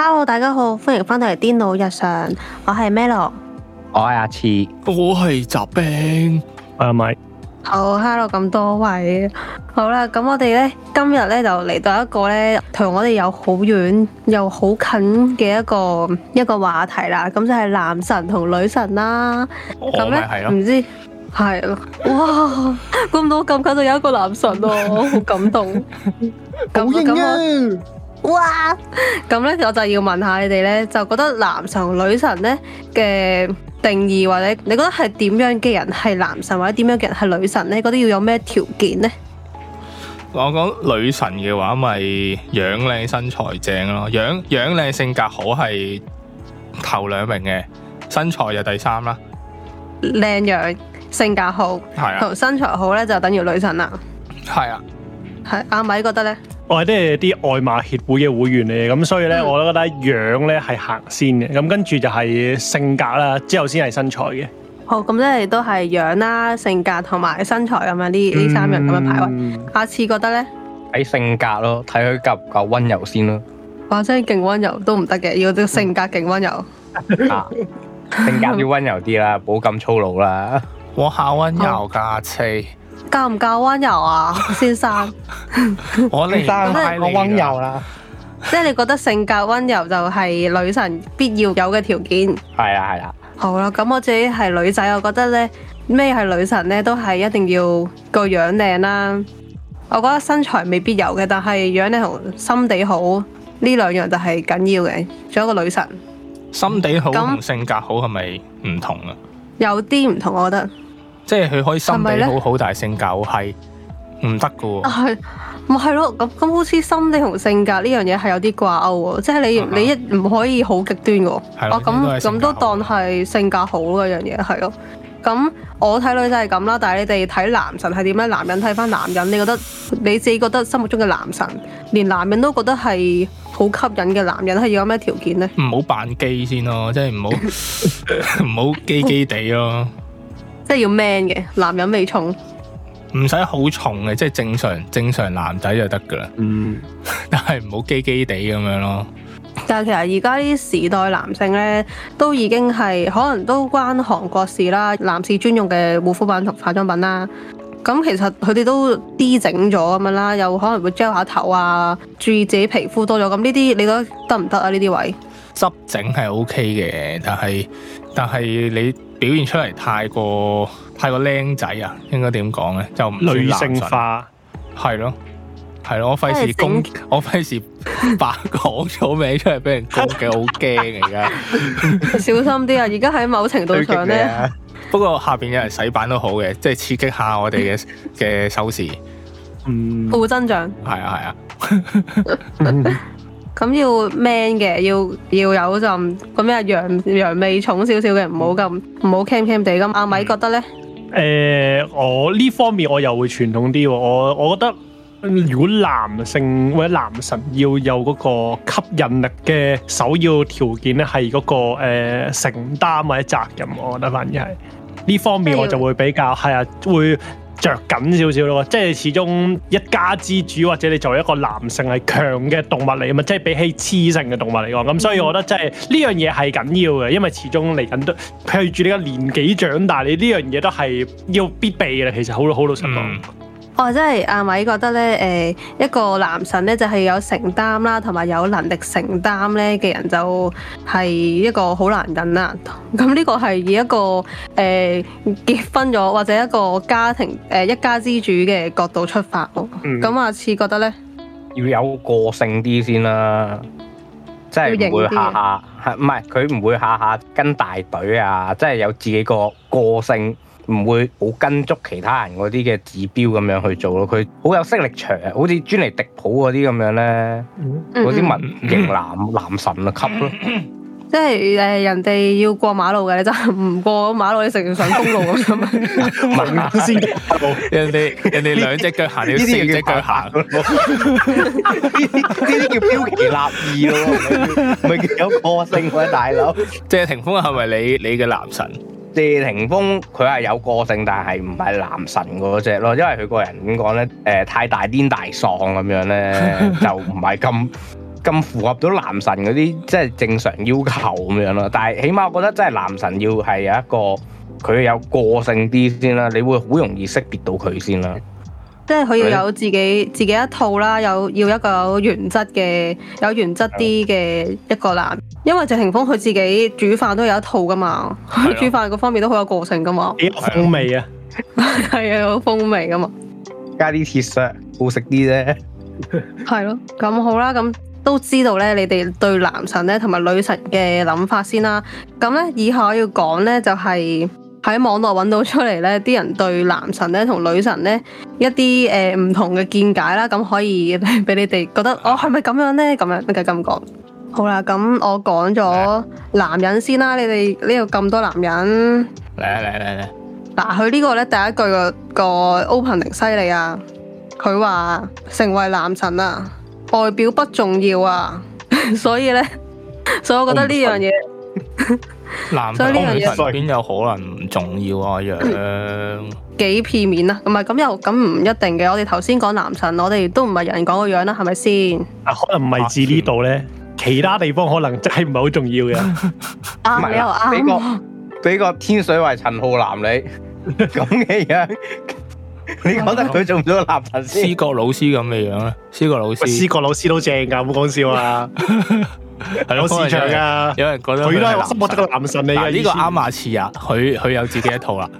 hello，大家好，歡迎翻到嚟癲佬日常，我係 Melo，我係阿慈，我係雜兵，阿米，好，hello 咁多位，好啦，咁我哋咧今日咧就嚟到一個咧同我哋又好遠又好近嘅一個一個話題啦，咁就係男神同女神啦，咁咪係咯，唔知係咯，哇，估唔到咁近就有一個男神哦，好感動，冇應啊！哇！咁咧我就要問下你哋咧，就覺得男神女神咧嘅定義，或者你覺得係點樣嘅人係男神，或者點樣嘅人係女神咧？你覺得要有咩條件呢？我講女神嘅話，咪、就是、樣靚身材正咯，樣樣靚，性格好係頭兩名嘅，身材就第三啦。靚樣性格好係啊，身材好咧就等於女神啦。係啊，係阿、啊、米覺得咧。我係啲外貌協會嘅會員嚟，咁所以咧，嗯、我都覺得樣咧係行先嘅，咁跟住就係性格啦，之後先係身材嘅。好，咁即係都係樣啦、性格同埋身材咁樣呢呢三樣咁樣排位。嗯、下次覺得咧？睇性格咯，睇佢夠唔夠溫柔先咯。哇，真係勁溫柔都唔得嘅，要啲性格勁溫柔 啊。性格溫 要溫柔啲啦，唔好咁粗魯啦。我好溫柔噶阿次。夠唔夠溫柔啊，先生？我嚟得太溫柔啦！即係你覺得性格溫柔就係女神必要有嘅條件？係啊，係啊。好啦，咁我自己係女仔，我覺得呢，咩係女神呢，都係一定要個樣靚啦。我覺得身材未必有嘅，但係樣靚同心地好呢兩樣就係緊要嘅。仲有一個女神，心地好同性格好係咪唔同啊？有啲唔同，我覺得。即係佢可以心地好好，但係性格係唔得噶喎。係咪係咯？咁咁好似心地同性格呢樣嘢，係有啲掛鈎喎。即係你嗯嗯你一唔可以好極端喎。咁咁的、啊，都當係性格好嗰樣嘢係咯。咁我睇女仔係咁啦，但係你哋睇男神係點咧？男人睇翻男人，你覺得你自己覺得心目中嘅男神，連男人都覺得係好吸引嘅男人，係要有咩條件呢？唔好扮基先咯，啊，即係唔好唔好基基地咯，啊。即係要 man 嘅，男人味重，唔使好重嘅，即係正常正常男仔就得噶啦。嗯，但係唔好基基地咁樣咯。但係其實而家啲時代男性咧，都已經係可能都關韓國事啦，男士專用嘅護膚品同化妝品啦。咁其實佢哋都 D 整咗咁樣啦，又可能會遮下頭啊，注意自己皮膚多咗。咁呢啲你覺得得唔得啊？呢啲位執整係 OK 嘅，但係但係你。表現出嚟太過太過僆仔啊，應該點講咧？就唔女性化，係咯係咯，我費事攻，性我費事白講咗名出嚟俾人講嘅，好驚而家小心啲啊！而家喺某程度上咧、啊，不過下邊有人洗版都好嘅，即係刺激下我哋嘅嘅收視，嗯，負增長係啊係啊。咁要 man 嘅，要要有陣個咩啊，陽陽味重少少嘅，唔好咁唔好 cam cam 地咁。阿米、嗯嗯、覺得呢？誒、呃，我呢方面我又會傳統啲喎。我我覺得、嗯、如果男性或者男神要有嗰個吸引力嘅首要條件咧，係嗰、那個、呃、承擔或者責任。我覺得反而係呢方面我就會比較係要啊會。着緊少少咯，即係始終一家之主，或者你作為一個男性係強嘅動物嚟啊嘛，即係比起雌性嘅動物嚟講，咁所以我覺得即係呢樣嘢係緊要嘅，因為始終嚟緊都，隨住你嘅年紀長大，你呢樣嘢都係要必備嘅。其實好，好老實講。嗯我、oh，即係阿米覺得咧，誒、呃、一個男神咧就係有承擔啦，同埋有，有能力承擔咧嘅人就係一個好男人啦。咁呢個係以一個誒、呃、結婚咗或者一個家庭誒、呃、一家之主嘅角度出發喎。咁阿、嗯嗯、次覺得咧，要有個性啲先啦，即係唔會，會下下係唔係佢唔會下下跟大隊啊，即係有自己個個性。唔會好跟足其他人嗰啲嘅指標咁樣去做咯，佢好有識力場，好似尊尼迪普嗰啲咁樣咧，嗰啲文型男男神級咯。嗯嗯，即係誒人哋要過馬路嘅，你真係唔過馬路，你成日上公路咁樣。文型先嘅，人哋人哋兩隻腳行，你要四隻腳行。呢啲叫標奇立異咯，咪幾有個性喎大佬？ 謝霆鋒係咪你你嘅男神？謝霆鋒佢係有個性，但係唔係男神嗰隻咯，因為佢個人點講咧，誒、呃、太大癲大喪咁樣咧，就唔係咁咁符合到男神嗰啲即係正常要求咁樣咯。但係起碼我覺得真係男神要係有一個佢有個性啲先啦，你會好容易識別到佢先啦。即係佢要有自己吧自己一套啦，有要一個有原則嘅有原則啲嘅一個男。因為謝霆鋒佢自己煮飯都有一套噶嘛，的煮飯嗰方面都好有個性噶嘛，啲風味啊，係啊，有風味噶 嘛，加啲鐵削好食啲啫。係 咯，咁好啦，咁都知道咧，你哋對男神咧同埋女神嘅諗法先啦，咁咧以下要講咧就係、是、喺網絡搵到出嚟咧，啲人對男神咧同女神咧一啲誒唔同嘅見解啦，咁可以俾你哋覺得，哦，係咪咁樣咧？咁樣咩嘅感覺？好啦，咁我講咗男人先啦。你哋呢度咁多男人嚟啊嚟嚟嚟嗱，佢呢個咧第一句個個 opening 犀利啊。佢話成為男神啊，外表不重要啊，所以咧，所以我覺得呢樣嘢男所以呢樣嘢邊有可能唔重要啊？樣幾片面啊，唔係咁又咁唔一定嘅。我哋頭先講男神，我哋都唔係人講個樣啦，係咪先啊？可能唔係至呢度咧。其他地方可能真係唔係好重要嘅、 嗯，啱你又啱。俾個天水圍陳浩南你咁嘅 樣，你覺得佢做唔做個男神？思覺老師咁嘅樣咧，思覺老師，思覺老師都正噶，唔好講笑啊，係咯市場啊，有人覺得佢都係心得個男神嚟嘅。呢個啱牙齒啊，佢佢有自己一套啦，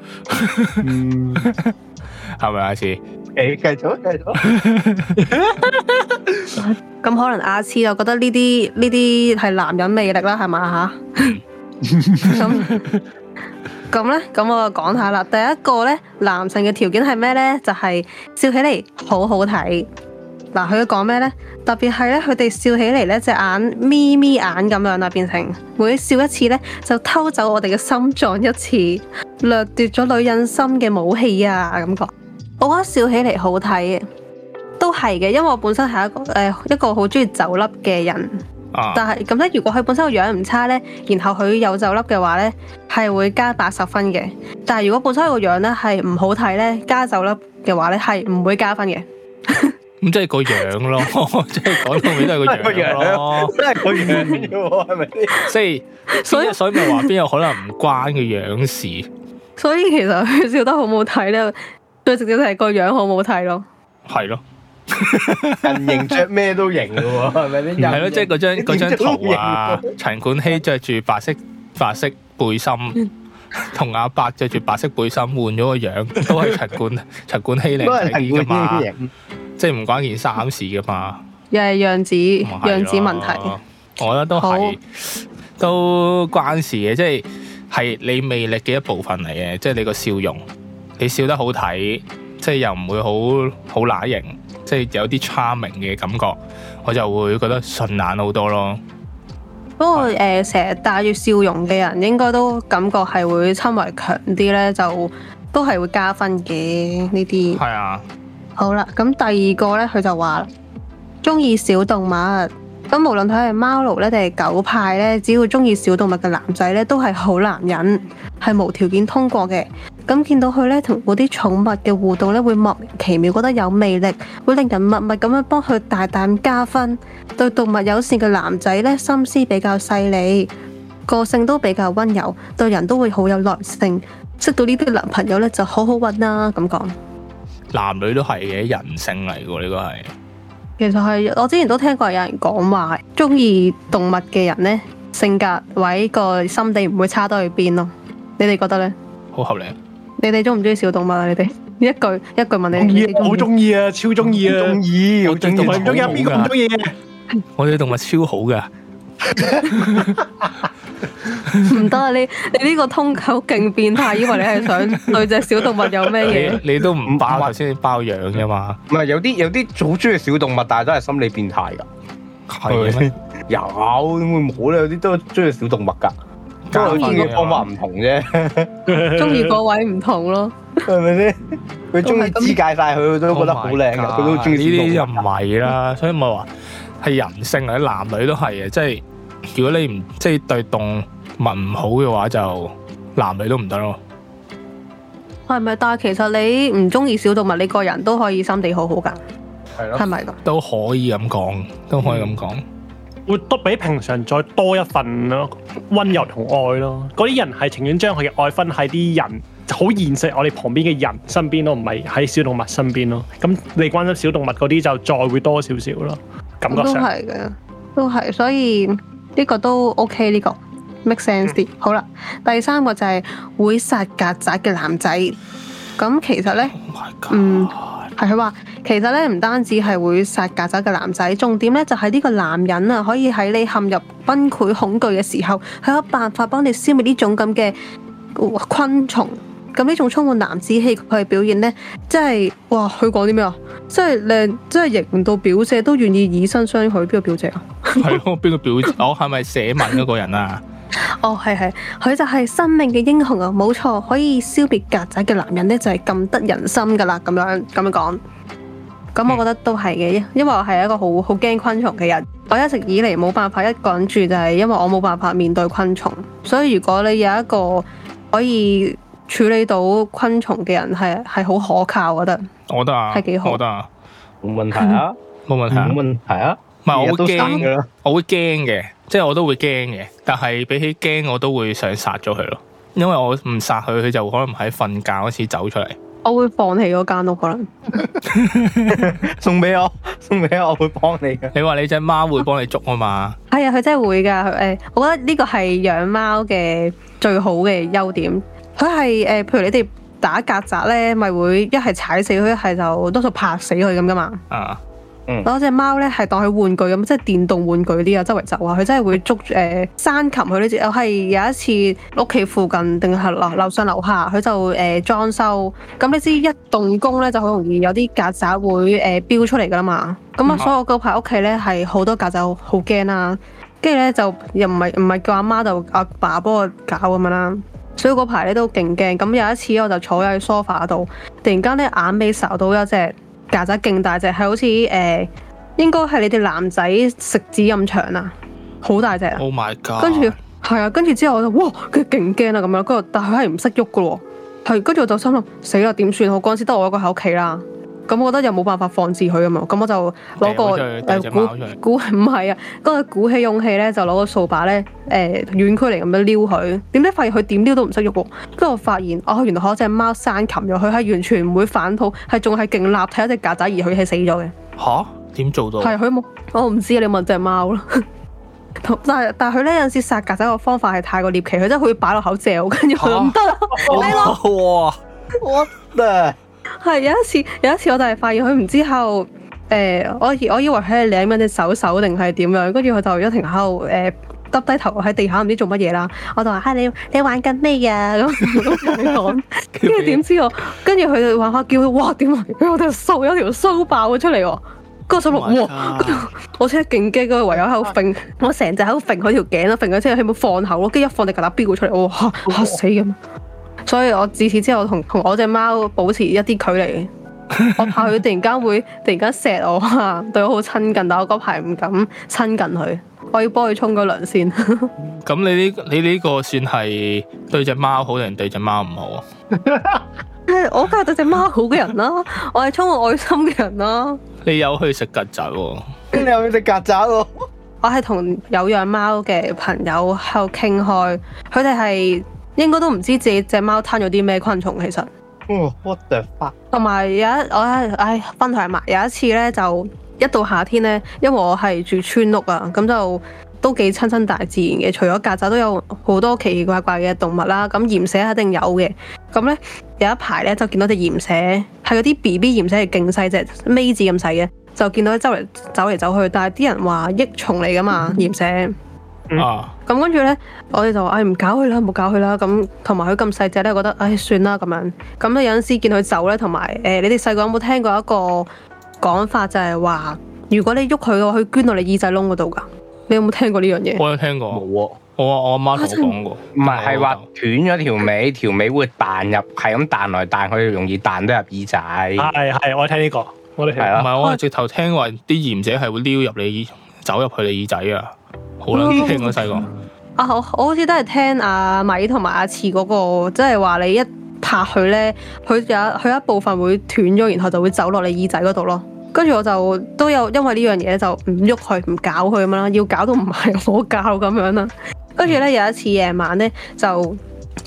係咪牙齒？ 是繼續，繼續。咁 可能阿次就覺得呢啲呢啲係男人魅力啦，係嘛吓？咁咁咧，咁我就講下啦。第一個咧，男神嘅條件係咩咧？就係、是、笑起嚟，好好睇。嗱，佢講咩咧？特別係咧，佢哋笑起嚟咧，隻眼眯眯眼咁樣啦，變成每笑一次咧，就偷走我哋嘅心臟一次，掠奪咗女人心嘅武器啊，感覺。我覺得笑起嚟好睇，都係嘅，因為我本身係一個誒、呃、一個好中意酒粒嘅人。啊、但係咁咧，如果佢本身個樣唔差咧，然後佢有酒粒嘅話咧，係會加八十分嘅。但係如果本身佢個樣咧係唔好睇咧，加酒粒嘅話咧係唔會加分嘅。咁 即係個樣咯， 即係講到尾都係個樣咯，真係講樣嘅，係 咪？所以所以咪話邊有可能唔關個樣事？所以， 所以其實佢笑得好唔好睇咧。最直接係個樣好唔好睇咯？係咯，人形着咩都型㗎喎，係咪先？係咯，即係嗰張嗰張圖啊，陳冠希着住白色白色背心，同阿伯着住白色背心換咗個樣，都係陳冠陳冠希嚟嘅嘛，即係唔關件衫事㗎嘛，又係樣子樣子問題，我覺得都係都關事嘅，即係係你魅力嘅一部分嚟嘅，即係你個笑容。你笑得好睇，即係又唔會好好乸型，即係有啲 charming 嘅感覺，我就會覺得順眼好多咯。不過誒，成日帶住笑容嘅人，應該都感覺係會親為強啲咧，就都係會加分嘅呢啲。係啊。好啦，咁第二個咧，佢就話中意小動物。咁無論佢係貓奴咧，定係狗派咧，只要中意小動物嘅男仔咧，都係好男人，係無條件通過嘅。咁見到佢咧，同嗰啲寵物嘅互動咧，會莫名其妙覺得有魅力，會令人密密咁樣幫佢大膽加分。對動物友善嘅男仔咧，心思比較細膩，個性都比較溫柔，對人都會好有耐性。識到呢啲男朋友咧，就好好揾啦咁講，男女都係嘅人性嚟嘅喎，呢個係。其實係我之前都聽過有人講話，中意動物嘅人咧，性格或者個心地唔會差到去邊咯。你哋覺得咧？好合理你哋中唔中意小動物啊？你哋一句一句問你，好中意啊，超中意啊，中意，我啲動物唔中意邊個唔中意？我哋動物超好噶，唔得啊！你你呢個通口勁變態，以為你係想對隻小動物有咩嘢？你都唔把頭先包養啫嘛？唔係有啲有啲好中意小動物，但係都係心理變態噶，係咩？有會唔好咧？有啲都中意小動物噶。都係中意方法唔同啫 是，中意嗰位唔同咯，係咪先？佢中意肢解晒佢，佢都覺得好靚呀，佢、oh、my 都中意呢啲又唔係啦。所以咪話係人性啊，男女都係嘅。即係如果你唔即係對動物唔好嘅話，就男女都唔得咯。係咪？但係其實你唔中意小動物，你個人都可以心地好好噶，係咪的嗎都可以咁講，都可以咁講。嗯會都比平常再多一份咯温柔同愛咯，嗰啲人係情願將佢嘅愛分喺啲人，好現實我哋旁邊嘅人身邊咯，唔係喺小動物身邊咯。咁你關心小動物嗰啲就再會多少少咯，感覺上都係嘅，都係，所以呢個都 OK 呢個 make sense 啲。嗯。好啦，第三個就係會殺曱甴嘅男仔，咁其實呢，嗯。Oh 係佢話，其實咧唔單止係會殺曱甴嘅男仔，重點咧就係呢個男人啊，可以喺你陷入崩潰恐懼嘅時候，佢有辦法幫你消滅呢種咁嘅昆蟲。咁呢種充滿男子氣佢嘅表現咧，即係哇！佢講啲咩啊？即係靚，即係型到表姐都願意以身相許。邊個表姐啊？係咯，邊個表姐？我係咪寫文嗰個人啊？哦，係係，佢就係生命嘅英雄啊！冇錯，可以消滅曱甴嘅男人咧就係咁得人心噶啦，咁樣咁樣講，咁我覺得都係嘅，因為我係一個好好驚昆蟲嘅人，我一直以嚟冇辦法一個人住就係因為我冇辦法面對昆蟲，所以如果你有一個可以處理到昆蟲嘅人係係好可靠，我覺得，我覺得啊，係幾好，我覺得啊，冇問題啊，冇問題，冇問題啊，唔係我會驚嘅，我會驚嘅。即係我都會驚嘅，但係比起驚，我都會想殺咗佢咯。因為我唔殺佢，佢就可能喺瞓覺嗰時走出嚟。我會放棄嗰間屋可能， 送俾我，送俾我，我會幫你噶。你話你隻貓會幫你捉啊嘛？係啊、 哎，佢真係會噶。誒、哎，我覺得呢個係養貓嘅最好嘅優點。佢係誒，譬如你哋打曱甴咧，咪會一係踩死佢，一係就多數拍死佢咁噶嘛。啊、嗯！攞隻 貓咧，係當佢玩具咁，即係電動玩具啲啊，周圍走啊，佢真係會捉誒、呃、山琴佢呢隻。我係有一次屋企附近定係樓樓上樓下，佢就誒、呃、裝修，咁你知一動工咧，就好容易有啲曱甴會誒、呃、飆出嚟噶啦嘛。咁啊，所以我嗰排屋企咧係好多曱甴，好驚啦。跟住咧就又唔係唔係叫阿媽，媽就阿、是、爸，爸幫我搞咁樣啦。所以嗰排咧都勁驚。咁有一次我就坐喺梳化度，突然間咧眼尾睄到一隻。曱甴勁大隻，係好似誒、呃，應該係你哋男仔食指咁長啊，好大隻啊。Oh my god！跟住係啊，跟住之後我就，哇，佢勁驚啊咁樣，跟住但係佢係唔識喐㗎喎，係跟住我就心諗死啦，點算啊？嗰陣時得我一個喺屋企啦。咁我覺得又冇辦法放置佢吖嘛。咁我就攞個誒鼓鼓，唔係啊，嗰個鼓起勇氣咧就攞個掃把咧誒、欸、遠距離咁樣撩佢，點解發現佢點撩都唔識喐，跟住我發現哦，原來嗰隻貓生擒咗佢係完全唔會反吐，係仲係勁立體一隻曱甴而佢係死咗嘅。嚇，點做到？係佢冇，我唔知你問隻貓咯。 但係但係佢呢有陣時殺曱甴嘅方法係太過獵奇，佢真係好似擺落口嚼，我覺得唔得。我得。係有一次，有一次我就係發現佢唔知後，誒我我以為佢係舐緊隻手手定係點樣，跟住佢就一停喺度誒耷低頭喺地下唔知做乜嘢啦。我就話：啊你你玩緊咩嘢？咁咁講。跟住點知我，跟住佢就玩我叫佢，哇！點啊！我就掃咗條須爆咗出嚟喎。嗰個細路，哇！我真係勁驚，嗰個唯有喺度揈，我成隻喺度揈佢條頸啦，揈咗之後佢冇放下，我跟住一放就夾打標個出嚟，我嚇嚇死咁。所以我自此之後同同我隻貓保持一啲距離，我怕佢突然間會突然間錫我嚇，對我好親近，但我嗰排唔敢親近佢，我要幫佢沖個涼先。咁你呢？你呢個算係對隻貓好定對隻貓唔好啊？我梗係對隻貓好嘅人啦，我係充我愛心嘅人啦，啊。你有去食曱甴喎？ 你有去食曱甴喎？ 我係同有養貓嘅朋友喺度傾開，佢哋係。應該都唔知自己隻貓癱咗啲咩昆蟲，其實。哇！What the fuck？同埋有一我唉分享埋，有一次呢就一到夏天呢，因為我係住村屋啊，咁就都幾親親大自然嘅。除咗曱甴，都有好多奇奇怪怪嘅動物啦。咁鹽蛇一定有嘅。咁呢有一排呢，就見到隻鹽蛇，係嗰啲 B B 鹽蛇，係勁細隻，米字咁細嘅，就見到周圍走嚟走，走去。但係啲人話益蟲嚟噶嘛，鹽蛇。啊！咁跟住咧，我哋就話，唉，唔搞佢啦，唔好搞佢啦。咁同埋佢咁細隻咧，覺得，唉，算啦。咁樣咁有陣時見佢走咧，同埋，誒，你哋細個有冇聽過一個講法，就係話，如果你喐佢嘅話，佢捐到你耳仔窿嗰度噶。你有冇聽過呢樣嘢？我有聽過，冇啊！我我阿媽同我講過，唔係，係話斷咗條尾，條尾會彈入，係咁彈來彈去，容易彈得入耳仔。係係，我聽呢個，我哋係唔係我係直頭聽話，啲鹽者係會溜入你耳，走入去你耳仔啊。好啦，我細個，啊，我我好似都係聽阿米同埋阿次嗰個，即係話你一拍佢咧，佢有佢一部分會斷咗，然後就會走落你耳仔嗰度咯。跟住我就都有因為呢樣嘢就唔喐佢，唔搞佢咁樣啦，要搞到唔係我搞咁樣啦。跟住咧有一次夜晚咧，就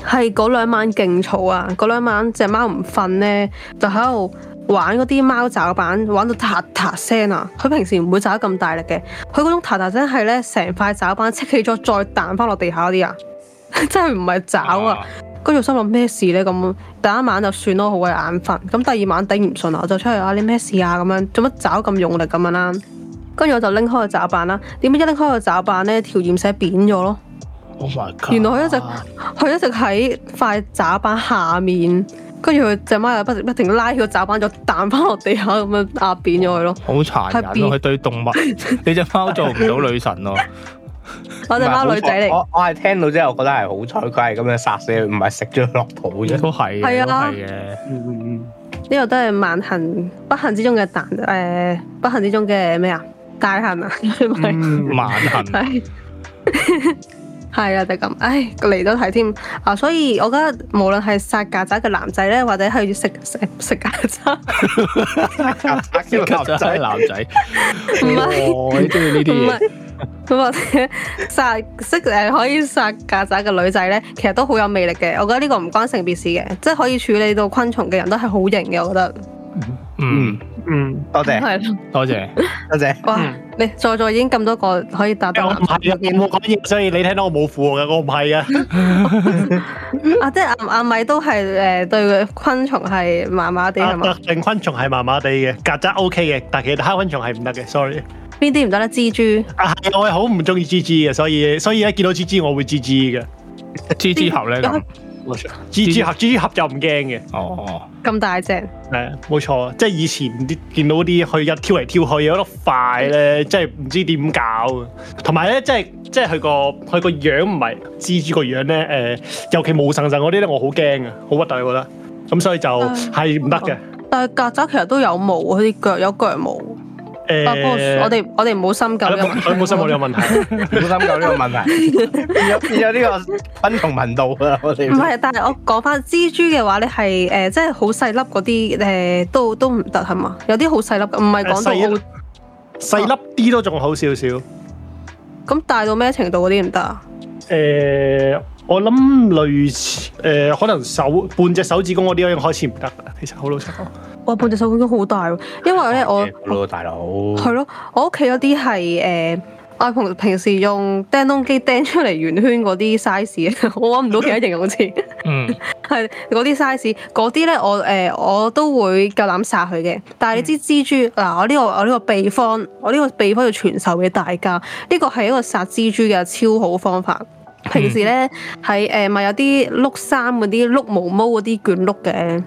係嗰兩晚勁嘈啊，嗰兩晚隻貓唔瞓咧，就喺度。玩嗰啲貓爪板玩到嗒嗒聲啊！佢平時唔會抓得咁大力嘅，佢嗰種嗒嗒聲係咧成塊爪板戚起咗再彈翻落地下嗰啲啊， 真係唔係爪啊！跟住我心諗咩事咧？咁第一晚就算咯，好鬼眼瞓。咁第二晚頂唔順啊，我就出去啊，你咩事啊？咁樣做乜爪咁用力咁樣啦？跟住我就拎開個爪板啦，點解一拎開個爪板咧條鹽蛇扁咗咯，Oh my god，原來佢一直佢一直喺塊爪板下面。跟住佢隻貓又不停不停拉佢爪板，再彈翻落地下咁樣壓扁咗佢咯。好殘忍，佢對動物，你隻貓做唔到女神咯。我隻貓女仔嚟。我我係聽到之後，我覺得係好彩，佢係咁樣殺死，唔係食咗佢落肚啫。都係，係啊，係嘅。呢個都係萬幸，不幸之中嘅蛋，誒，不幸之中嘅咩啊？大幸啊？萬幸。係啊，就咁，唉嚟都睇添啊！所以，我覺得無論係殺曱甴嘅男仔咧，或者係要食食食曱甴，食曱甴嘅男仔，唔係，我中意呢啲嘢。佢話殺識誒可以殺曱甴嘅女仔咧，其實都好有魅力嘅。我覺得呢個唔關性別事嘅，即係可以處理到昆蟲嘅人都係好型嘅。我覺得。嗯嗯，多謝，係咯，多謝，多謝。哇，你在座已經咁多個可以答到，唔係啊，冇講嘢，所以你聽到我冇貨嘅，我唔係啊。啊，即係阿阿米都係誒，對昆蟲係麻麻地啊，特定昆蟲係麻麻地嘅，曱甴 OK 嘅，但係其他昆蟲係唔得嘅，sorry。邊啲唔得咧？蜘蛛啊，我係好唔中意蜘蛛嘅，所以所以一見到蜘蛛我會蜘蛛嘅，蜘蛛猴咧。蜘蛛俠，蜘蛛俠就唔驚嘅。哦，咁大隻？係啊，冇錯，即係以前啲見到啲佢一跳嚟跳去，有得快咧，即係唔知點搞。同埋咧，即係即係佢個佢個樣唔係蜘蛛個樣咧，誒、呃，尤其毛神神嗰啲咧，我好驚啊，好核突，我覺得。咁所以就係唔得嘅。但係曱甴其實都有毛，佢啲腳有腳毛。我我哋我哋冇深究呢，冇、嗯、深究呢個問題，唔好深究呢個問題。有分同知知、呃呃、有呢個昆蟲聞到啊，我哋。唔係，但係我講翻蜘蛛嘅話咧，係誒，即係好細粒嗰啲誒，都都唔得係嘛？有啲好細粒，唔係講到細粒啲都仲好少少。咁大到咩程度嗰啲唔得啊？誒、呃。我諗類似誒、呃，可能手半隻手指公嗰啲開始唔得，其實好老實講、啊。我半隻手指公好大，因為咧我大佬係咯，我屋企嗰啲係誒，我平時用釘窿機釘出嚟圓圈嗰啲 size，我搵唔到其他形容好似。嗯， 係嗰啲 size，嗰啲咧我誒、呃、我都會夠膽殺佢嘅。但係你知蜘蛛嗱、 這個，我呢個我呢個秘方，我呢個秘方要傳授俾大家。呢個係一個殺蜘蛛嘅超好方法。平時咧，係誒咪有啲碌衫嗰啲碌毛毛嗰啲卷碌嘅，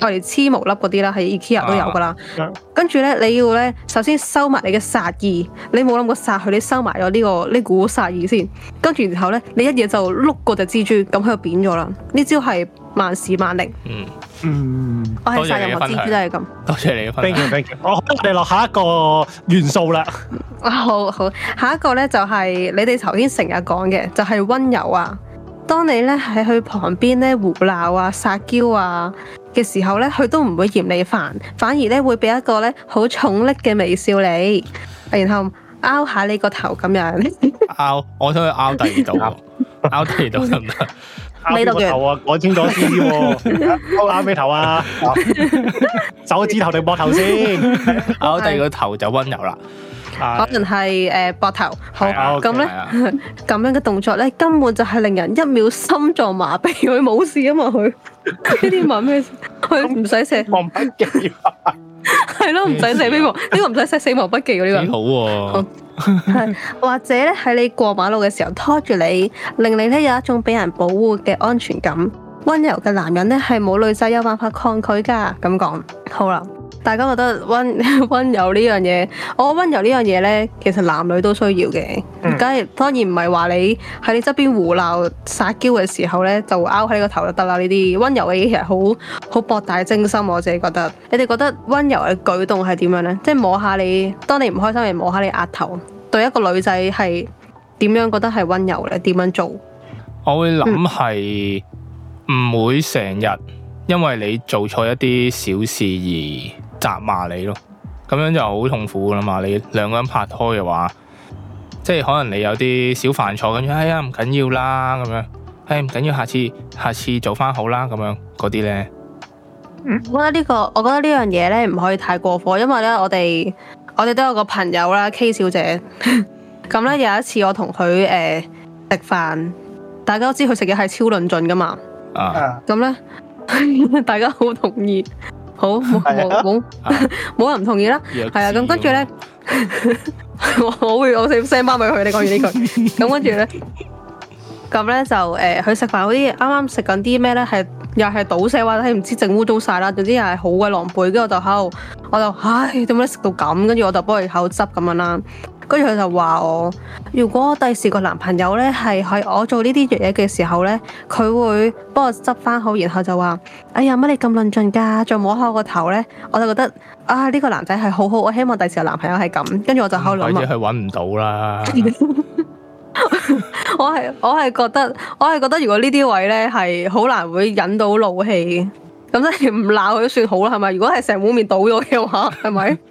我哋黐毛粒嗰啲啦，係 IKEA 都有噶啦。啊嗯、跟住咧，你要咧，首先收埋你嘅殺意，你冇諗過殺佢，你收埋咗呢個呢股殺意先。跟住然後咧，你一嘢就碌過隻蜘蛛，咁佢就扁咗啦。呢招係～萬事萬靈，嗯嗯，我係晒任何蜘蛛都係咁。多謝你嘅分享。冰球，冰球，我哋落下一個元素啦。好，好，下一個咧就係你哋頭先成日講嘅，就係、是、溫柔啊。當你咧喺佢旁邊咧胡鬧啊、撒嬌啊嘅時候咧，佢都唔會嫌你煩，反而咧會俾一個咧好寵溺嘅微笑你，然後拗下你個頭咁樣。拗， 我想去拗第二度，拗第二度得唔得？ 啱邊個頭啊？講清楚先，勾啱邊頭啊？手指頭定膊頭先？第二個頭就溫柔啦。可能係誒膊頭，好咁咧，咁樣嘅動作咧，根本就係令人一秒心臟麻痹，佢冇事啊嘛，佢呢啲問咩？佢唔使射。係咯，唔使寫微博呢個唔使寫死亡筆記喎，呢個 好喎。係或者咧喺你過馬路嘅時候拖住你，令你咧有一種俾人保護嘅安全感。溫柔嘅男人咧係冇女仔有辦法抗拒㗎，咁講好啦。大家覺得溫溫 柔呢樣嘢，我溫柔呢樣嘢呢，其實男女都需要嘅。梗係、嗯、當然唔係話你喺你側邊胡鬧撒嬌嘅時候呢，就拗喺你個頭就得啦。呢啲溫柔嘅嘢其實好好博大精深，我自己覺得。你哋覺得溫柔嘅舉動係點樣呢？即係摸下你，當你唔開心嚟摸下你額頭，對一個女仔係點樣覺得係溫柔呢？點樣做？我會諗係唔會成日、嗯、因為你做錯一啲小事而～責罵你咯，咁樣就好痛苦噶啦嘛。你兩個人拍拖嘅話，即係可能你有啲小犯錯，咁樣哎呀唔緊要啦，咁樣哎唔緊要，下次下次做翻好啦，咁樣嗰啲咧。呢我覺得呢個，我覺得呢樣嘢呢，唔可以太過火，因為呢，我哋我哋都有個朋友啦，K 小姐。咁 呢，有一次我同佢誒食飯，大家都知佢食嘢係超論盡噶嘛。啊，咁咧大家好同意。好冇冇冇人唔同意啦，係啊，咁跟住咧，我我會我先 send 翻俾佢，你講完呢句，咁跟住咧，咁咧就誒，佢食飯嗰啲，啱啱食緊啲咩咧，係又係倒瀉或者唔知整污糟晒啦，總之又係好鬼狼狽，跟住我就喺度，我就唉，點解食到咁？跟住我就幫佢口執咁樣啦。跟住佢就話我：如果第時個男朋友咧係喺我做呢啲嘢嘅時候咧，佢會幫我執翻好，然後就話：哎呀，乜你咁論盡㗎？再摸下我頭咧，我就覺得啊，呢、這個男仔係好好，我希望第時個男朋友係咁。跟住我就喺度諗啊，或揾唔到啦 我。我係我係覺得，我係覺得如果呢啲位咧係好難會引到怒氣嘅，咁即係唔鬧佢都算好啦，係咪？如果係成碗麵倒咗嘅話，係咪？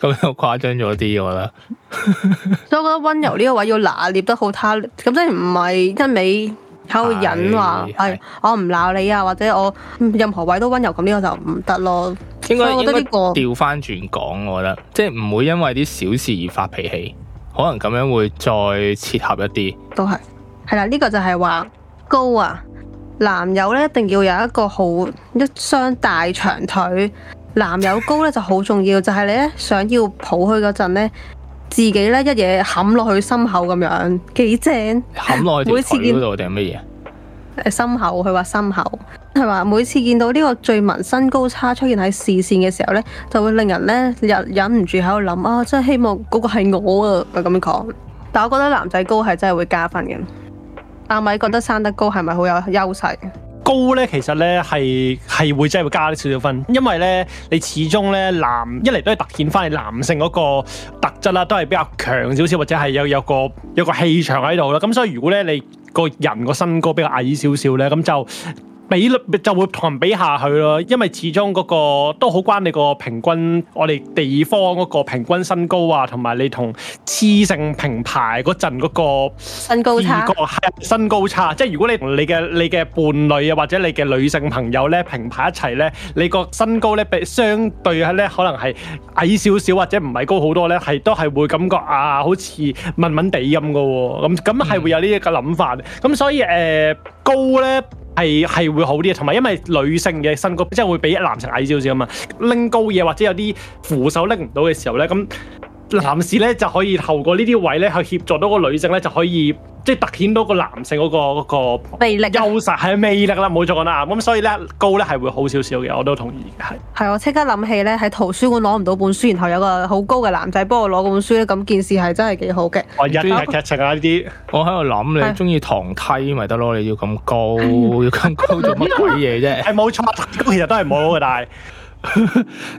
咁又誇張咗啲，我覺得。 所以我覺得溫柔呢個位要拿捏得好，他咁即係唔係一味喺度引話，係、哎、我唔鬧你啊，或者我任何位都溫柔，咁呢個就唔得咯。應該該我覺得呢、這個調翻轉講，我覺得即係唔會因為啲小事而發脾氣，可能咁樣會再切合一啲。都係係啦，呢、這個就係話高啊，男友呢一定要有一個好一雙大長腿。男友高咧就好重要，就係你咧想要抱佢嗰陣咧，自己咧一嘢冚落去心口咁樣，幾正。冚落去。每次見到定係乜嘢？心口，佢話心口，係嘛？每次見到呢個最萌身高差出現喺視線嘅時候咧，就會令人咧忍忍唔住喺度諗啊，真係希望嗰個係我啊，就咁講。但我覺得男仔高係真係會加分嘅。阿米覺得生得高係咪好有優勢？高咧，其實咧係係會真係會，會加啲少少分，因為咧你始終咧男一嚟都係凸顯翻你男性嗰個特質啦，都係比較強少少，或者係有有個有個氣場喺度啦。咁所以如果咧你個人個身高比較矮少少咧，咁就。比率就會同人比下去咯，因為始終嗰、那個嗰個都好關你個平均，我哋地方嗰個平均身高啊，同埋你同雌性平排嗰陣嗰個身高差，身高差，即係如果你同你嘅你嘅伴侶啊，或者你嘅女性朋友咧平排一齊咧，你個身高咧比相對咧可能係矮少少或者唔係高好多咧，係都係會感覺啊，好似文文地咁嘅喎，咁咁係會有呢一個諗法，咁、嗯、所以誒、呃、高咧。係係會好啲，同埋因為女性嘅身高即係會比男性矮少少啊嘛，拎高嘢或者有啲扶手拎唔到嘅時候咧，咁。男士咧就可以透過呢啲位咧去協助到個女性咧，就可以即係突顯到個男性嗰個，嗰個優勢魅力，優勢係魅力啦，冇錯啦，啱。咁所以咧高咧係會好少少嘅，我都同意嘅，係。我即刻諗起咧喺圖書館攞唔到本書，然後有個好高嘅男仔幫我攞本書咧，咁件事係真係幾好嘅。我中意劇情啊呢啲，些我喺度諗，你中意糖梯咪得咯，你要咁高 要咁高做乜鬼嘢啫？係冇 錯，其實都係冇嘅，但係。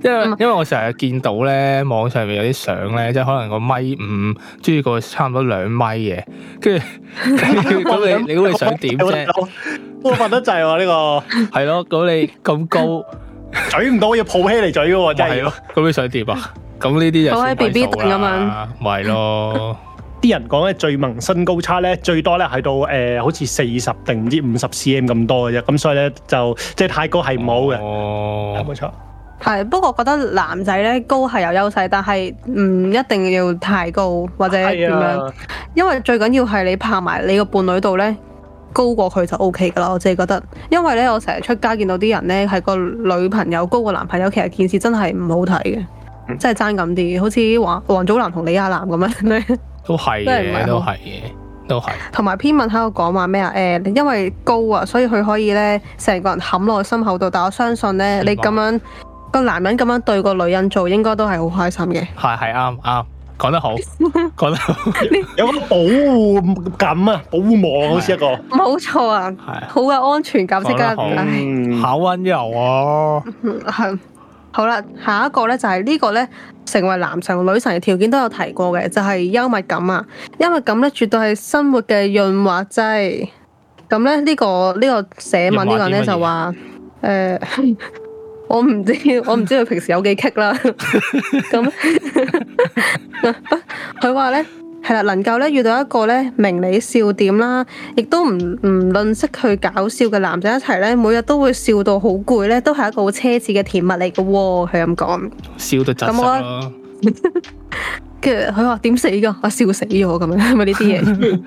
因為 因為我成日見到咧網上面有啲相咧，即係可能個米五，中意個差唔多兩米嘅，跟住你你咁你想點啫？ 我問得滯呢個係咯，咁 你咁高，嘴唔到要抱起 e 嚟嘴嘅喎，係咯，咁、就是、了 你想點啊？咁呢啲就講喺 B B 咁樣，咪咯？啲 人講咧最萌身高差咧，最多咧喺到誒、呃，好似四十定唔知五十 c m 咁多嘅啫，咁所以咧就即係太高係唔好嘅，哦，冇錯。係，不過覺得男仔咧高係有優勢，但係唔一定要太高或者點樣，是啊、因為最緊要係你拍埋你個伴侶度咧高過佢就 O K 噶啦。我自己覺得，因為咧我成日出街見到啲人咧係個女朋友高過男朋友，其實件事真係唔好睇嘅，嗯、真係爭咁啲，好似話王祖藍同李亞男咁樣咧，都係嘅，都係嘅，都係。同埋篇文喺度講話咩啊？誒，因為高啊，所以佢可以咧成個人冚落心口度。但我相信咧，明白 你咁樣。個男人咁樣對個女人做，應該都係好開心嘅。係係啱啱講得好，講得好， 你 有乜保護感啊？保護網好似一個，冇錯啊，好有安全感，即係是，好溫柔啊 好啦，下一個呢，就係、是、呢個呢，成為男神女神嘅條件都有提過嘅，就係、是、幽默感啊！幽默感呢，絕對係生活嘅潤滑劑。咁咧呢個呢個寫文呢個呢，這個這個、個人呢就話誒。 我唔知，我唔知佢平時有幾棘啦。咁佢話呢，係啦，能夠呢遇到一個呢明理笑點啦，亦都唔唔論識佢搞笑嘅男仔一齊呢，每日都會笑到好攰呢，都係一個好奢侈嘅甜蜜嚟嘅喎，佢咁講。笑得咁好啦。跟住佢話點死噶，我笑死咗咁樣，係咪呢啲嘢？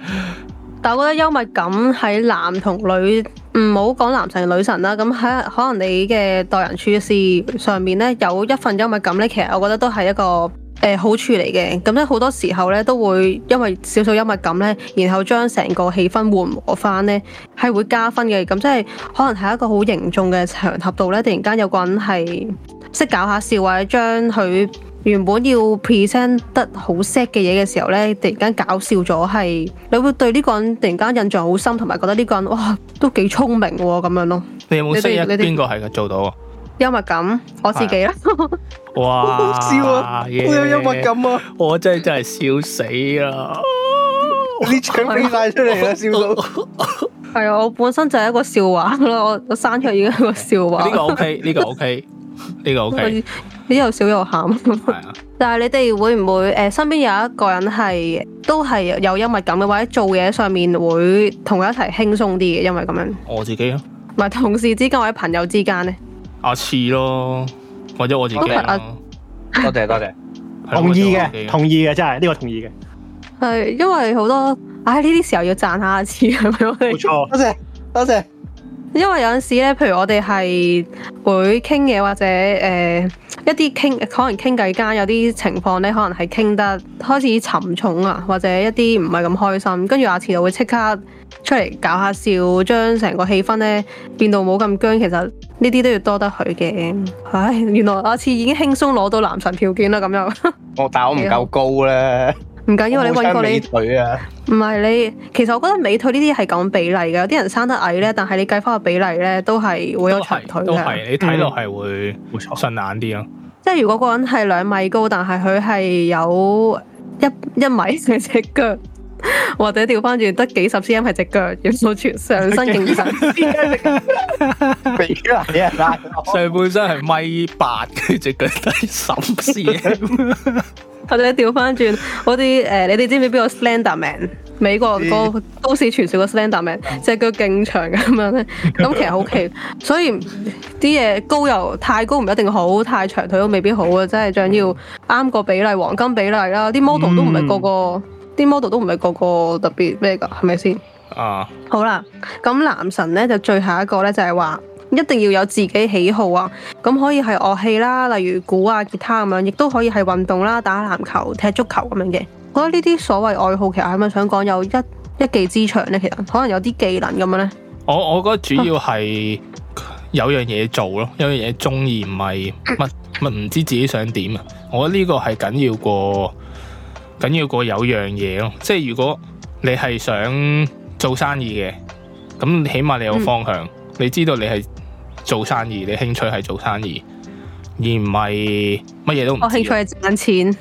但我覺得幽默感喺男同女，唔好講男神女神啦。咁喺可能你嘅待人處事上面咧，有一份幽默感咧，其實我覺得都係一個誒、呃、好處嚟嘅。咁即係好多時候咧，都會因為少少幽默感咧，然後將成個氣氛緩和翻咧，係會加分嘅。咁即係可能喺一個好凝重嘅場合度咧，突然間有個人係識搞下笑話或者將佢。原本要 present 得好 set 嘅嘢嘅時候咧，突然間搞笑咗，係你會對呢個人突然間印象好深，同埋覺得呢個人哇都幾聰明喎咁樣咯。你有冇需要邊個係嘅做到？幽默感，我自己啦、啊。哇！ 好笑啊！耶我有幽默感啊！我真係真係笑死啊！你張飛曬出嚟啦，笑到。係啊，我本身就係一個笑話咯，我生出嚟已經係個笑話。呢個 OK，呢個 OK。呢個 OK，呢又少又喊。 係啊、但係你哋會唔會誒、呃，身邊有一個人係都係有幽默感嘅，或者做嘢上面會同佢一齊輕鬆啲嘅？因為咁樣，我自己咯，唔係同事之間或者朋友之間咧，阿次咯，或者我自己多謝多謝，同意嘅， 同意嘅，真係呢、這個同意嘅。係因為好多唉，呢、哎、啲時候要讚下阿次啊，唔該，冇錯，多謝多謝。因為有陣時咧，譬如我哋係會傾嘢，或者誒、呃、一啲傾可能傾偈間，有啲情況咧，可能係傾得開始沉重啊，或者一啲唔係咁開心，跟住阿次就會即刻出嚟搞下笑，將成個氣氛咧變到冇咁僵。其實呢啲都要多得佢嘅。唉，原來阿次已經輕鬆攞到男神條件啦，咁樣 我但我唔夠高咧。 唔緊要，美腿啊、因為你搵過你。唔係你，其實我覺得美腿呢啲係講比例噶，有啲人生得矮咧，但係你計翻個比例咧，都係會有長腿都。都係，你睇落係會冇順眼啲咯。嗯、即係如果個人係兩米高，但係佢係有一一米嘅隻腳。或者調翻轉得幾十 cm 係隻腳，要到全上身勁閃 上半身係米八，佢隻腳得十 cm。 或者調翻轉嗰啲誒，你哋知唔知邊個 Slender Man？美國個都市傳說個 Slender Man，隻腳勁長咁樣咧。咁其實好奇，所以啲嘢高又太高唔一定好，太長腿都未必好啊。真係仲要啱個比例，黃金比例啦。啲 model 都唔係個個。嗯啲 model 都唔係個個特別咩㗎，係咪先？啊！好啦，咁男神咧就最後一個咧，就係話一定要有自己喜好啊！咁可以係樂器啦，例如鼓啊、吉他咁樣，亦都可以係運動啦，打籃球、踢足球咁樣嘅。我覺得呢啲所謂愛好，其實係咪想講有一一技之長咧？其實可能有啲技能咁樣咧。我我覺得主要係有樣嘢做咯，啊、有樣嘢中意，唔係乜乜唔知自己想點啊！我覺得呢個係緊要過。緊要過有樣嘢咯，即係如果你係想做生意嘅，咁起碼你有方向，嗯、你知道你係做生意，你興趣係做生意，而唔係乜嘢都唔。我興趣係賺錢，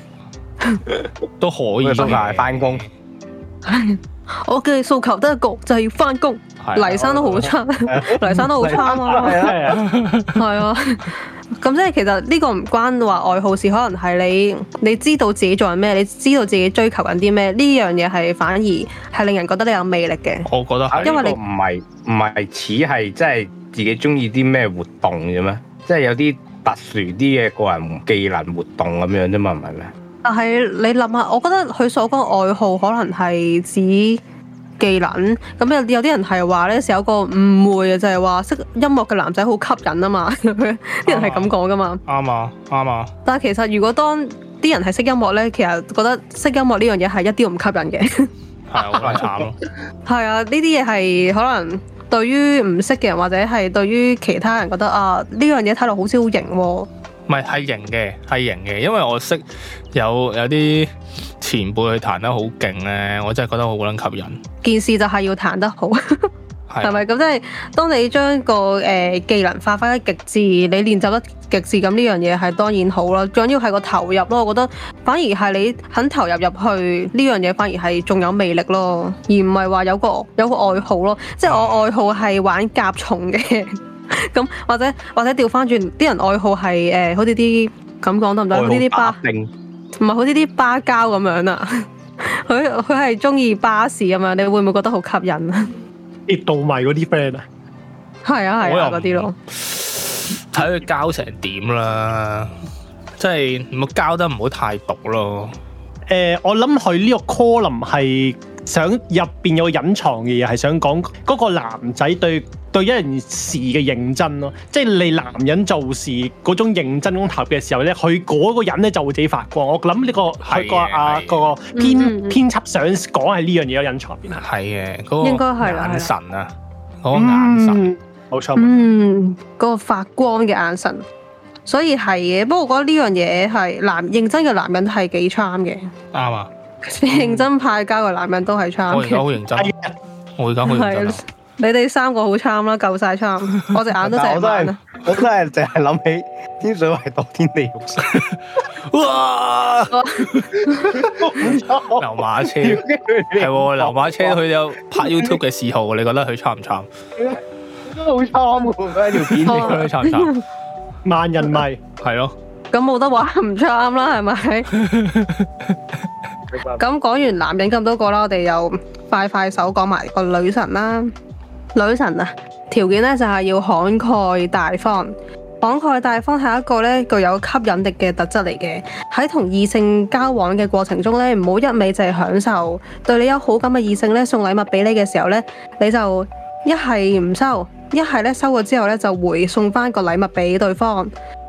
都可以。最翻工。我嘅訴求得一個，就係要翻工，黎生都好差，黎生 都好差啊嘛。係 啊。咁即係其實呢個唔關話愛好事，可能係你你知道自己做緊咩，你知道自己追求緊啲咩，呢樣嘢係反而係令人覺得你有魅力嘅。我覺得，因為你唔係唔係似係即係自己中意啲咩活動嘅咩？即係有啲特殊啲嘅個人技能活動咁樣啫嘛，唔係咩？但係你諗下，我覺得佢所講愛好可能係指。技能咁有有啲、就是、 人係話咧，係有個誤會啊，就係話識音樂嘅男仔好吸引啊嘛，啲人係咁講噶嘛。啱啊，啱啊。但係其實如果當啲人係識音樂呢，其實覺得識音樂呢樣嘢係一啲都唔吸引嘅。係 啊，呢啲嘢係可能對於唔識嘅人，或者係對於其他人覺得啊，呢樣嘢睇落好似好型。唔係，係型嘅係型嘅，因為我識有有啲前輩去彈得好勁咧，我真係覺得好能吸引。件事就係要彈得好，係咪咁即係？當你將個誒技能發揮得極致，你練習得極致，咁呢樣嘢係當然好啦。重要係個投入咯，我覺得反而係你肯投入入去呢樣嘢，反而係仲有魅力咯。而唔係話有個有個愛好咯，即係我愛好係玩甲蟲嘅。咁 或者或者掉返轉，啲人愛好係誒、呃，好似啲咁講得唔得？好似啲巴，唔係好似啲巴膠咁樣啊。佢佢係中意巴士咁樣，你會唔會覺得好吸引、欸、啊？跌到埋嗰啲 friend 啊，係啊係啊嗰啲咯，睇佢交成點啦，即係唔好交得唔好太毒咯。誒、呃，我諗佢呢個 call 林係。想入邊有隱藏嘅嘢，係想講嗰個男仔對對一件事嘅認真咯，即係你男人做事嗰種認真咁，合嘅時候咧，佢嗰個人咧就會自己發光。我諗呢個佢個啊個編編輯想講係呢樣嘢喺隱藏入邊啊，係嘅，應該係眼神啊，嗰個眼神，冇錯，嗯，嗰個發光嘅眼神，所以係嘅。不過我覺得呢樣嘢係男認真嘅男人係幾 charm 嘅，啱啊。認真派加個男人都係慘嘅，好認真，哎、呀我而家去。係啊，你哋三個好差啦，夠晒差，我隻眼都成。我真係，我真係，淨係諗起天水圍多天地，玉 哇！牛馬車係，牛馬車佢有拍 YouTube 嘅嗜好，你覺得佢差唔差？應該好慘嘅，一、那、條、個、片咁樣慘慘， 萬人迷係咯，咁冇得玩唔差啦，係咪？咁講完男人咁多個啦，我哋又快快手講埋個女神啦。女神啊，條件咧就係要慷慨大方。慷慨大方係一個咧具有吸引力嘅特質嚟嘅。喺同異性交往嘅過程中咧，唔好一味淨係享受。對你有好感嘅異性咧，送禮物俾你嘅時候咧，你就一係唔收，一係咧收過之後咧就會送回送翻個禮物俾對方。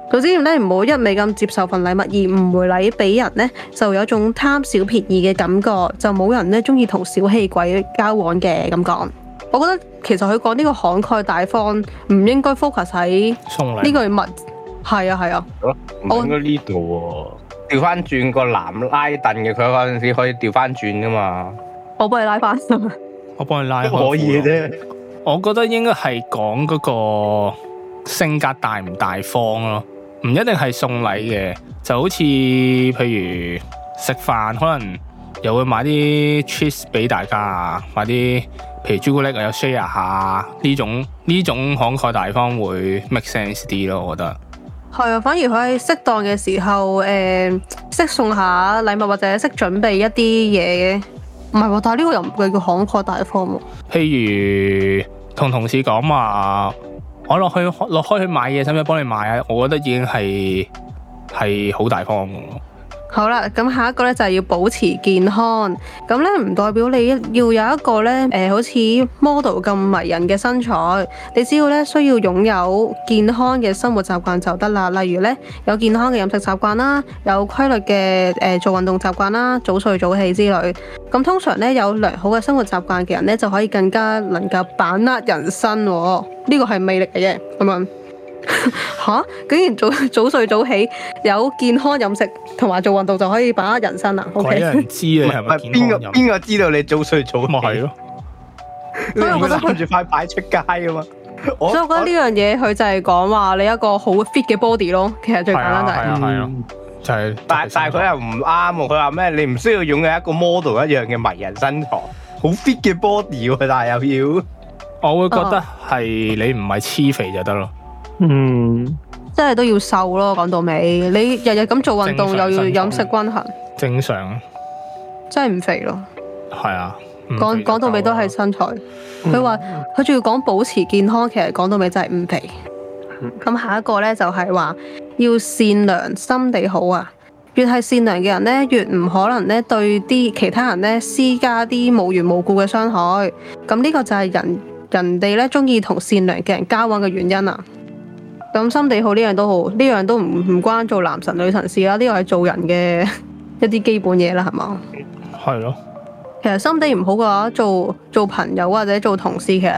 總之咧，唔好一味咁接受份禮物而唔回禮俾人咧，就有種貪小便宜嘅感覺，就冇人咧中意同小氣鬼交往嘅咁講。我覺得其實佢講呢個慷慨大方唔應該 focus 喺送禮呢個物。係啊，係啊，唔、啊啊、應該呢度喎，調翻轉個男拉凳嘅佢嗰陣時可以調翻轉噶嘛。我幫你拉翻啫嘛，我幫你拉 可以啫。我覺得應該係講嗰個性格大唔大方咯。唔一定係送禮嘅，就好似譬如食飯，可能又會買啲 cheese 俾大家啊，買啲譬如朱古力又 share 下呢種呢種慷慨大方會 make sense 啲咯，我覺得。係啊，反而佢喺適當嘅時候，誒、呃、識送下禮物或者識準備一啲嘢，嘅。唔係喎，但係呢個又唔係叫慷慨大方喎。譬如同同事講話。我落、啊、去落去買嘢，使唔使幫你買啊？我覺得已經係係好大方嘅。好啦，咁下一個咧，就係要保持健康，咁咧唔代表你要有一個咧誒、呃，好似 model 咁迷人嘅身材，你只要咧需要擁有健康嘅生活習慣就得啦。例如咧有健康嘅飲食習慣啦，有規律嘅誒、呃、做運動習慣啦，早睡早起之類。咁通常咧有良好嘅生活習慣嘅人咧就可以更加能夠把握人生，呢個係魅力嘅啫，咁樣。吓、啊！竟然早早睡早起，有健康飲食同埋做運動就可以把握人生啦。Okay. 鬼唔知啊！邊個邊個知道你早睡早起咯？所以我覺得攞住塊牌出街啊嘛！所以我覺得呢樣嘢佢就係講話你一個好 fit 嘅 body 咯。其實最簡單就係、是，係啊，啊，啊，啊就係、是。但但係佢又唔啱啊！佢話咩？你唔需要擁有一個 model 一樣嘅迷人身材，好 fit 嘅 body，但係又要，我會覺得係你唔係黐肥就得咯。啊嗯，真係都要瘦咯。講到尾，你日日咁做運動，又要飲食均衡，正常，真係唔肥咯。係啊，講講到尾都係身材。佢話佢仲要講保持健康，其實講到尾就係唔肥。咁、嗯、下一個呢就，就係話要善良，心地好啊。越係善良嘅人呢，越唔可能呢對啲其他人呢施加啲無緣無故嘅傷害。咁呢個就係人人哋呢中意同善良嘅人，人交往嘅原因啊。咁心地好呢樣都好，呢樣都唔唔關做男神女神事啦，呢個係做人嘅一啲基本嘢啦，係嘛？係咯。其實心地唔好嘅話，做做朋友或者做同事，其實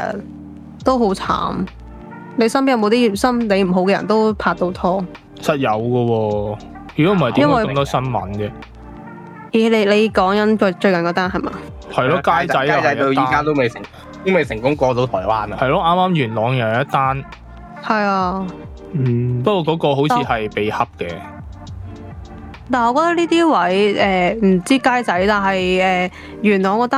都好慘。你身邊有冇啲心地唔好嘅人都拍到拖？實有嘅啊，如果唔係點會咁多新聞嘅？咦，你你講緊最近嗰單係嘛？係咯，街仔啊，街仔到依家都未成，都未成功過到台灣啊。係咯，啱啱元朗又有一單。係啊，嗯，不過嗰個好似係被恰嘅，但係我覺得呢啲位誒唔、呃、知街仔，但係誒、呃、原來我覺得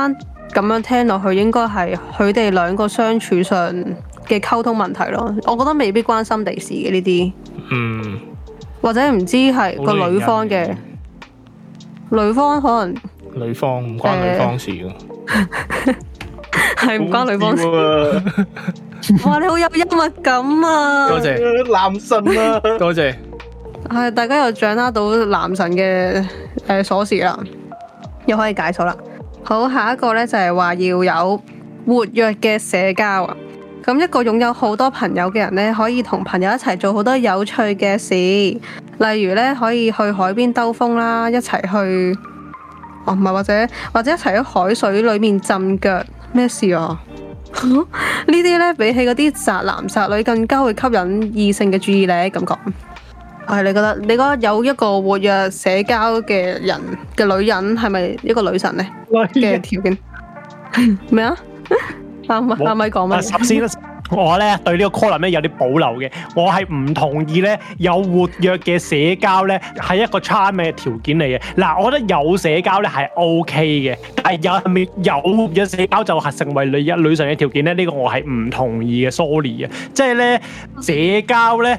咁樣聽落去，應該係佢哋兩個相處上嘅溝通問題咯。我覺得未必關心地事嘅呢啲，嗯，或者唔知係個女方嘅，女方可能女方唔關女方事咯，係唔關女方事。 哇！你好有幽默感啊！多謝男神啦、啊！ 多謝係大家又掌握到男神嘅誒鎖匙啦，又可以解鎖啦。好，下一個呢就係、是、話要有活躍嘅社交啊！咁一個擁有好多朋友嘅人呢，可以同朋友一齊做好多有趣嘅事，例如呢，可以去海邊兜風啦，一齊去，哦唔係，或者或者一齊喺海水裏面浸腳，咩事啊？哦、呢啲咧比起嗰啲宅男宅女更加會吸引異性嘅注意力，感覺。係、哎、你覺得，你覺得有一個活躍社交嘅人嘅女人係咪一個女神呢？嘅條件咩啊？啱啱咪講乜？我咧對呢個 column 咧有啲保留嘅，我係唔同意咧有活躍嘅社交咧係一個 charm 條件嚟嘅。嗱，我覺得有社交咧係 OK 嘅，但係有有社交就成為女一女神嘅條件咧，呢、這個我係唔同意嘅，sorry 啊，即係咧社交咧。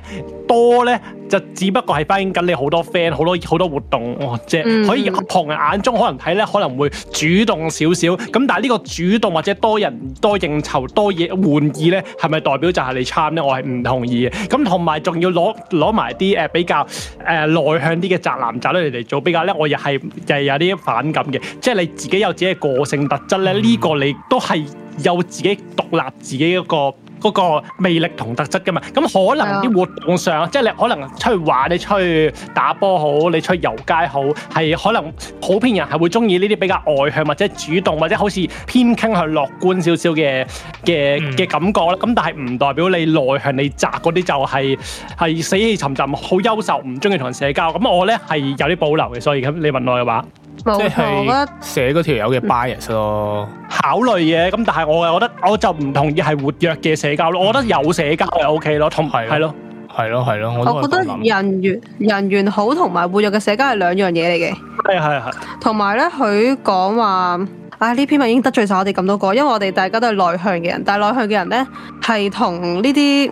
多咧，就只不過係反映緊你好多 friend 好多好多活動即係。嗯、可以旁人眼中可能睇咧，可能會主動少少。咁但係呢個主動或者多人多應酬多嘢玩意咧，係咪代表就係你 charm 咧？我係唔同意嘅。咁同埋仲要攞攞埋啲誒比較誒內、呃呃、向啲嘅宅男宅女嚟做比較咧，我又係又係有啲反感嘅。即、就、係、是、你自己有自己嘅個性特質咧，呢、嗯、個你都係有自己獨立自己一個。嗰個魅力同特質㗎嘛，咁可能啲活動上，Yeah. 即係你可能出去玩，你出去打波好，你出去遊街好，係可能普遍人係會中意呢啲比較外向或者主動或者好似偏傾向樂觀少少嘅嘅嘅感覺啦。咁、mm. 但係唔代表你內向你宅啲就係、是、係死氣沉沉、好優秀、唔中意同人社交。咁我咧係有啲保留嘅，所以而家你問我嘅話，錯即係寫嗰條友嘅 bias 咯，嗯、考慮嘅。咁但係我又覺得我就唔同意係活躍嘅社社交我覺得有社交就 O K 咯，同埋，係咯，係咯，係咯，我，我覺得人緣人緣好同埋活躍嘅社交係兩樣嘢嚟嘅。係係係，同埋咧佢講話，唉呢說說、哎、篇咪已經得罪晒我哋咁多個，因為我哋大家都係內向嘅人，但係內向嘅人咧係同呢啲係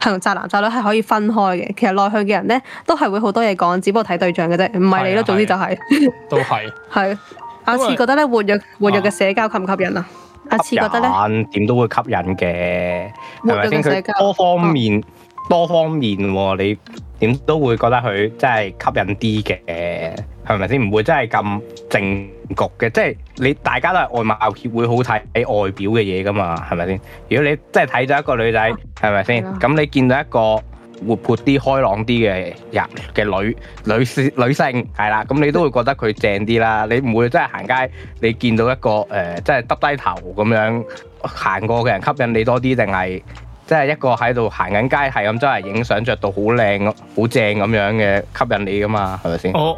同宅男宅女係可以分開嘅。其實內向嘅人咧都係會好多嘢講，只不過睇對象嘅啫，唔係你咯，的總之就係、是、都係係。阿賜 的為覺得咧活躍活躍嘅社交吸唔吸引啊？阿次點都會吸引嘅，係咪先？佢多方面、啊、多方面喎？你點都會覺得佢真係吸引啲嘅，係咪先？唔會真係咁正局嘅，即係你大家都係外貌協會好睇外表嘅嘢㗎嘛？係咪先？如果你真係睇咗一個女仔，係咪先？咁吧、啊、你見到一個活潑啲、開朗啲嘅人嘅女女女性係啦，咁你都會覺得佢正啲啦。你唔會真係行街，你見到一個誒，即係耷低頭咁樣行過嘅人吸引你多啲，定係即係一個喺度行緊街，係咁真係影相，着到好靚好正咁樣嘅吸引你噶嘛？係咪先？我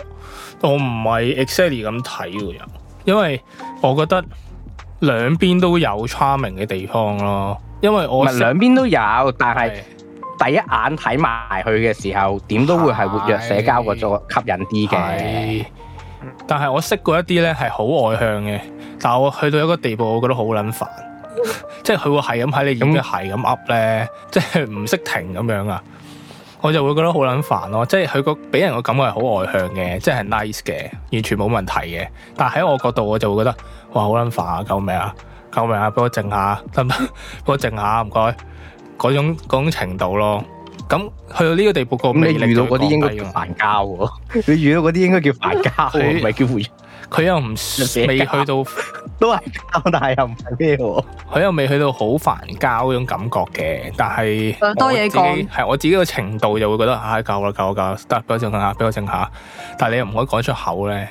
我唔係 exactly 咁睇嘅，因為我覺得兩邊都有 charming 嘅地方咯。因為我唔係兩邊都有，但係。第一眼睇埋佢嘅時候，點都會係活躍社交個咗吸引啲嘅，哎。但係我識過一啲咧係好外向嘅，但係我去到一個地步，我覺得好撚煩。 即係佢會係咁喺你影嘅鞋咁 up 咧，嗯、即係唔識停咁樣啊，我就會覺得好撚煩咯。即係佢個俾人個感覺係好外向嘅，即係 nice 嘅，完全冇問題嘅。但喺我角度，我就會覺得哇好撚煩啊！救命啊！救命啊！俾我靜下得唔得？俾我靜下唔該。嗰種，種程度咯，咁去到呢個地步個，咁你遇到嗰啲應， 應該叫煩交喎，你遇到嗰啲應該叫煩交，唔係叫佢，佢又唔未去到，都係交，但係又唔係咩佢又未去到好煩交嗰種感覺嘅，但係，多嘢講，係我自己個程度就會覺得，唉、啊，夠啦，夠啦，夠啦，得俾我靜下，俾我靜下，下，但係你又唔可以講出口咧。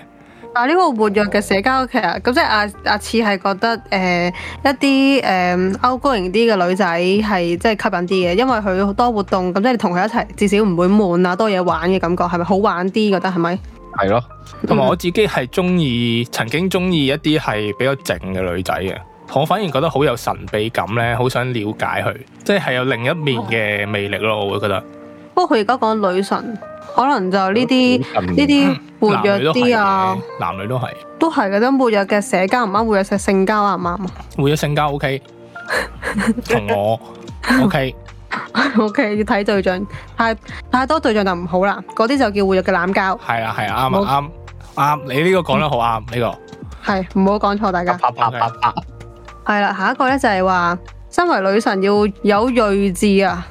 啊！呢、這個活躍嘅社交其實咁即係阿阿次係覺得誒、呃、一啲誒歐高型啲嘅女仔係即係吸引啲嘅，因為佢好多活動，咁、嗯、即係同佢一齊至少唔會悶啊，多嘢玩嘅感覺係咪好玩啲？覺得係咪？係咯，同埋我自己係中意曾經中意一啲係比較靜嘅女仔嘅，我反而覺得好有神秘感咧，好想了解佢，即係有另一面嘅魅力咯，我會覺得。不過佢而家講女神，可能就呢啲呢啲活躍啲啊，男女都係，都係嘅。咁活躍嘅社交唔啱，活躍嘅性交啊，啱唔啱啊？活躍性交 OK，同我 OK，OK 要睇對象，太太多對象就唔好啦。嗰啲就叫活躍嘅濫交。係啊係啊，啱啊啱啱，你呢個講得好啱呢個，係唔好講錯大家。啪啪啪啪。係啦，下一個咧就係話，身為女神要有睿智啊。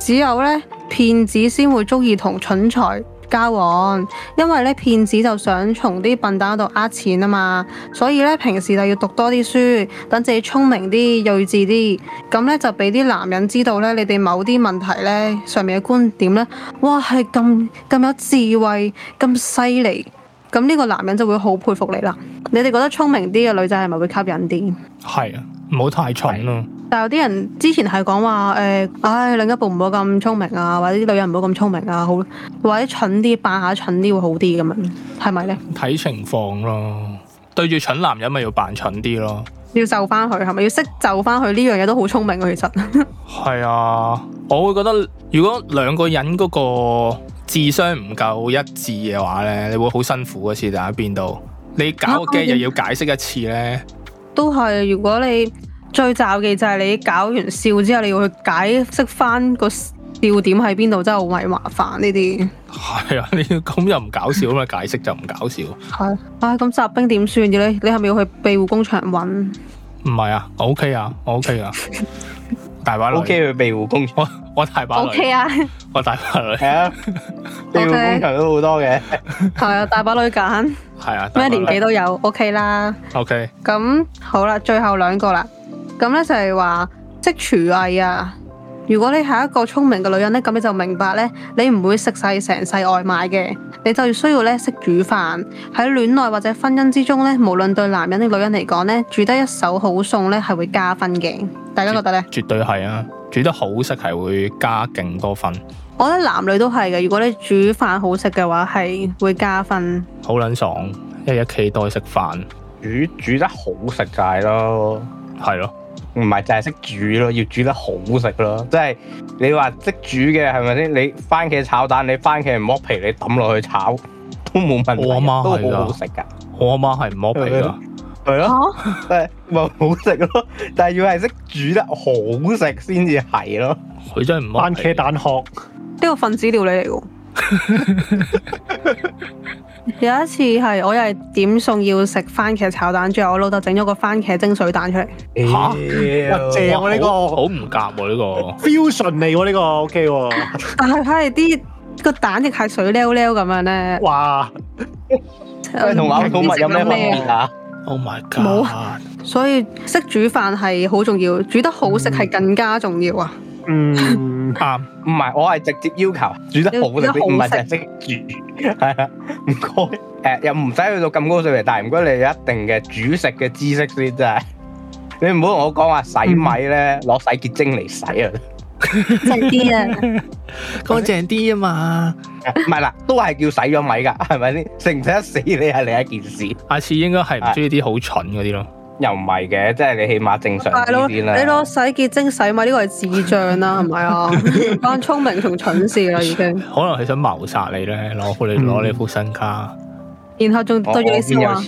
只有咧，騙子先會中意同蠢才交往，因為咧，騙子就想從啲笨蛋度呃錢啊嘛。所以咧，平時就要讀多啲書，等自己聰明啲、睿智啲。咁咧，就俾啲男人知道咧，你哋某啲問題咧上面嘅觀點咧，哇，係咁咁有智慧、咁犀利，咁呢個男人就會好佩服你啦。你哋覺得聰明啲嘅女仔係咪會吸引啲？係啊，唔好太蠢咯。但有啲人之前係講話誒，唉、哎哎，另一半唔好咁聰明啊，或者啲女人唔好咁聰明啊，好，或者蠢啲扮下蠢啲會好啲咁樣，係咪咧？睇情況咯，對住蠢男人咪要扮蠢啲咯，要就翻佢係咪？要識就翻佢呢樣嘢都好聰明啊，其實係 啊，我會覺得如果兩個人嗰個智商唔夠一致嘅話咧，你會好辛苦嘅，先喺邊度，你搞個 game 又要解釋一次咧、啊，都係，如果你。最棹忌就係你搞完笑之後，你要去解釋翻個笑點喺邊度，真係好鬼麻煩呢啲。係啊，你要咁又唔搞笑啊嘛？解釋就唔搞笑。係， 啊，咁、哎、雜兵點算嘅咧？你係咪要去庇護工場揾？唔係啊，我 OK 啊，我 OK 啊， 大把女 OK 去庇護工場，我大把女 OK 啊， 我大把女係 啊，庇護工場都好多嘅。係 啊，大把女揀。係啊，咩年紀都有 OK 啦。OK。咁好啦，最後兩個啦。咁咧就係話即廚藝啊！如果你係一個聰明嘅女人咧，咁你就明白咧，你唔會食晒成世外賣嘅，你就需要咧識煮飯。喺戀愛或者婚姻之中咧，無論對男人定女人嚟講咧，煮得一手好餸咧係會加分嘅。大家覺得咧？絕對係啊！煮得好食係會加勁多分。我覺得男女都係嘅。如果你煮飯好食嘅話，係會加分。好撚爽，爽！一日期待食飯，煮煮得好食就係咯，係咯。唔係就係識煮咯，要煮得好食咯，即係你話識煮嘅係咪先？你番茄炒蛋，你番茄唔剝皮，你抌落去炒都冇問題，我媽都係好好食噶。我阿媽係唔剝皮啦，係咯，係咪好食咯？啊、 但係要係識煮得好食先至係咯。佢真係唔剝皮。番茄蛋殼呢個分子料理嚟㗎。 有一次係我又係點餸要食番茄炒蛋，最後我老豆整咗個番茄蒸水蛋出嚟。吓，正啊呢個，好唔夾喎呢個，好純味喎呢個，OK。但係睇嚟啲個蛋亦係水溜溜咁樣咧。哇，同瓦煲物有咩咩、啊？別啊、嗯、？Oh my god！冇，所以識煮飯係好重要，煮得好食係更加重要啊！嗯唔鹹，唔係、嗯， 我係直接要求煮得好食啲，唔係淨係識煮，係 啊，唔該，誒，又唔使去到咁高水平，但係唔該你有一定嘅煮食嘅知識先，真係，你唔好同我講話洗米咧，攞、嗯、洗潔精嚟洗啊，淨啲啊，乾淨啲啊嘛，唔係啦，都係叫洗咗米噶，係咪先？食唔食得死你係另一件事，下次應該係唔中意啲好蠢嗰啲咯。又唔係嘅，即係你起碼正常啲啦。你攞洗潔精洗米，呢 個係智障啦，係咪 是啊？扮 聰明同蠢事啦、啊，已經。可能係想謀殺你咧，攞你攞你副身家。嗯、然後仲對住你笑話，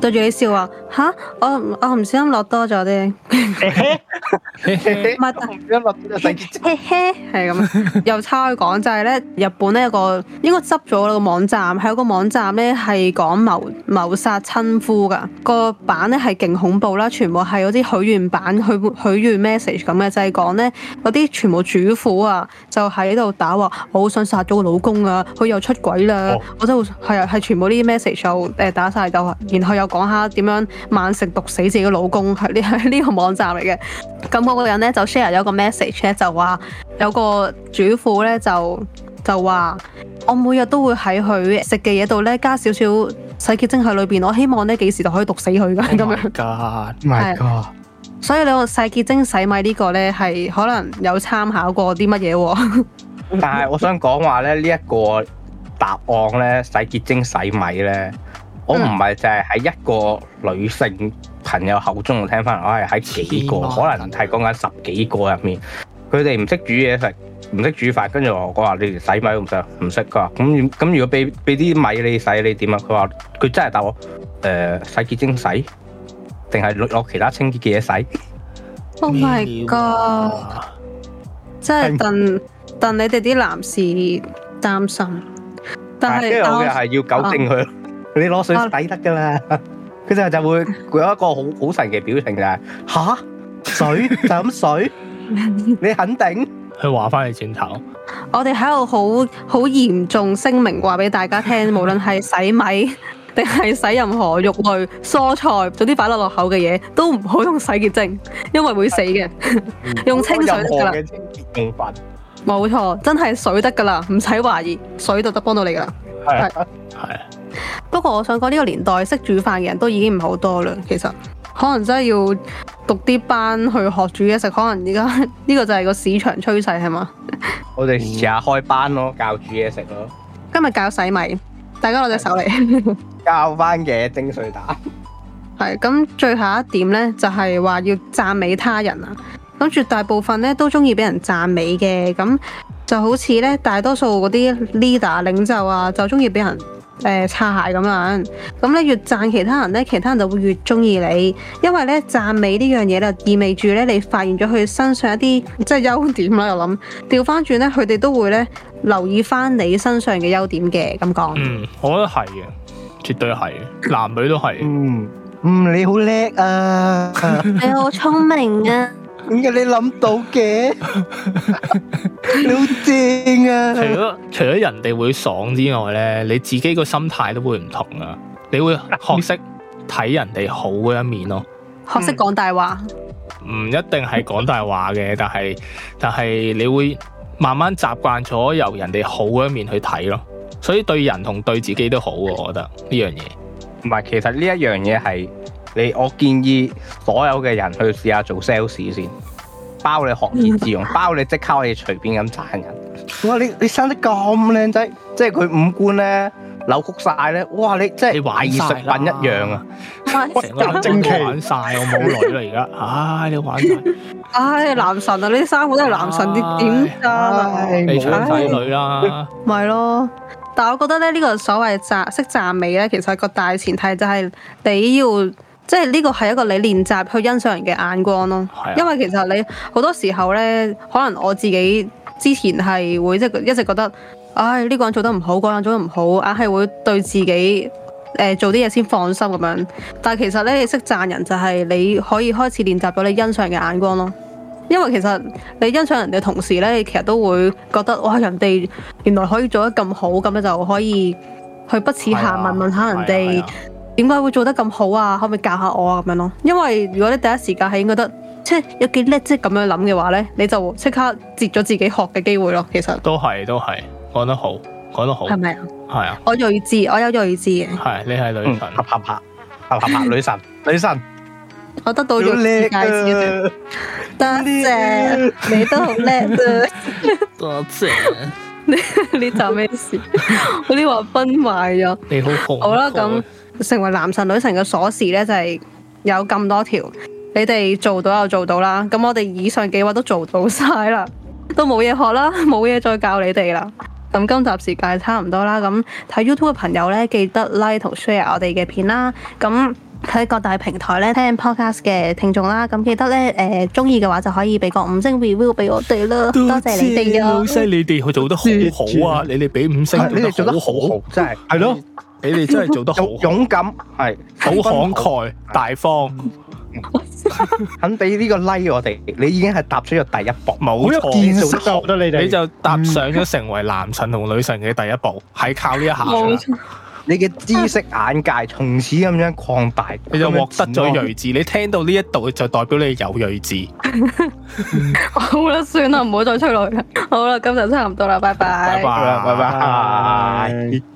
對住你笑話吓？我我唔小心落多咗啲。 唔 係 這樣，一粒一粒食。係咁，又差去講就係咧，日本咧有個應該執咗啦個網站，係有個網站咧係講謀謀殺親夫噶，個版咧係勁恐怖啦，全部係嗰啲許願版，許許願 message 咁嘅，就係講咧嗰啲全部主婦啊，就喺度打話我好想殺咗個老公啊，佢又出軌啦，哦、我真係係係全部呢啲 message 就誒打晒就，然後又講下點樣晚食毒死自己嘅老公，係呢呢個網站嚟嘅。咁嗰個人咧就 share 有一個 message 咧，就話有個主婦咧就就話我每日都會喺佢食嘅嘢度咧加少少洗潔精喺裏邊，我希望咧幾時就可以毒死佢噶咁樣噶、oh、，my god 所以你話洗潔精、， 這個、精洗米呢個咧係可能有參考過啲乜嘢？但係我想講話咧呢一個答案咧洗潔精洗米咧，我唔係淨係喺一個女性。朋友口中我聽翻嚟，哎喺幾個，了可能係講緊十幾個入面，佢哋唔識煮嘢食，唔識煮飯，跟住我我話你哋洗米唔識，唔識，佢話咁咁如果俾俾啲米你洗，你點啊？佢話佢真係答我，誒、呃、洗潔精洗，定係攞其他清潔嘅嘢洗？Oh my god！、啊、真係戥戥你哋啲男士擔心，但係即係我嘅係要糾正佢，oh. 你攞水洗得噶啦。Oh. 佢就就會有一個好好神嘅表情就係、是、吓，水 就噉水，你肯定佢話翻你轉頭。 我哋喺度好好嚴重聲明話俾大家聽， 無論係洗米定係洗任何肉類、蔬菜，早啲擺落落口嘅嘢都唔好用洗潔精，因為會死嘅。 用清水得啦。任何嘅清潔用品。冇錯，真係水得噶啦，唔使懷疑，水就得幫到你噶啦。係啊 是，係。不過我想講呢、這個年代識煮飯嘅人都已經唔好多啦，其實可能真係要讀啲班去學煮嘢食，可能而家呢個就係個市場趨勢係嘛？我哋試下開班咯，教煮嘢食咯。今日教洗米，大家攞隻手嚟，教翻嘅精髓打。係咁， 最後一點呢，就係、是、話要讚美他人啊。咁絕大部分呢，都中意俾人讚美嘅，咁就好似呢，大多數嗰啲 leader 領袖啊，就中意俾人，誒、呃、擦鞋咁樣，咁咧越讚其他人咧，其他人就會越中意你，因為咧讚美呢樣嘢咧意味住咧你發現咗佢身上一啲即係優點啦。我諗調翻轉咧，佢哋都會咧留意翻你身上嘅優點嘅。咁講，嗯，我覺得係嘅，絕對係，男女都係。嗯，嗯，你好叻啊，你好聰明啊！ 點解你諗到嘅？ 你好正啊！除咗除咗人哋會爽之外咧，你自己個心態都會唔同啊！你會學識睇人哋好嘅一面咯，學識講大話。唔一定係講大話嘅，嗯，但係但係你會慢慢習慣咗由人哋好嘅一面去睇咯，所以對人同對自己都好嘅，我覺得呢樣嘢。同埋，其實呢一樣嘢係。你我建議所有嘅人去試下做 sales 先，包你學以致用， 包你即刻可以隨便咁讚人。哇！你你生得咁靚仔，即係佢五官咧扭曲晒咧，哇！你真係藝術品一樣啊，成 個精奇我冇女啦而家，唉 你玩，唉、哎 哎、男神啊！呢三個都係男神，啲點解？你搶仔女啦，咪咯。 但係我覺得咧，呢個所謂讚識讚美咧，其實個大前提就係你要。即係呢個係一個你練習去欣賞人嘅眼光咯，的因為其實你好多時候呢，可能我自己之前係會即係一直覺得，唉呢個人做得唔好，嗰個人做得唔好，硬係會對自己誒做啲嘢先放心咁樣。但係其實呢，識讚人就係你可以開始練習咗你欣賞人嘅眼光咯，因為其實你欣賞人嘅同時呢，你其實都會覺得哇，人哋原來可以做得咁好，咁樣就可以去不恥下的問問下人哋。點解會做得咁好啊？可唔可以教下我啊？咁樣咯，因為如果你第一時間係應該得，即係有幾叻，即係咁樣諗嘅話咧，你就即刻截咗自己學嘅機會咯。其實都係，都係，講得好，講得好。係咪啊？係啊。我睿智，我有睿智嘅。係你係女神，合合合合合女神，女神。 女神我得到睿智介紹，多謝你都好叻嘅，多 謝 你你就咩事？ 我啲話崩埋咗。你好學。好啦，咁。成為男神女神嘅鎖匙呢，就係、是、有咁多條，你哋做到又做到啦。咁、嗯、我哋以上嘅話都做到晒啦，都冇嘢學啦，冇嘢再教你哋啦。咁今集時間差唔多啦，咁、嗯、睇 YouTube 嘅朋友呢，記得 like 同 share 我哋嘅片啦。咁、嗯、睇各大平台呢，聽 podcast 嘅聽眾啦，咁、嗯、記得呢，誒、呃，中意嘅話就可以俾個五星 review 俾我哋啦。謝謝多謝你哋啊！犀利你哋去做得好好啊！道你哋俾五星，你哋做得好好，真係係咯。了你哋真係做得好勇敢，係好慷慨大方，肯俾呢個 like 我哋。你已經係踏出咗第一步，冇錯。見識學你哋，你就踏上咗成為男神同女神嘅第一步，係靠呢一下。你嘅知識眼界從此咁樣擴大，你就獲得咗睿智。你聽到呢一度，就代表你有睿智。好啦算啦，唔好再出嚟啦。好啦，今日差唔多啦，拜拜。拜拜拜拜。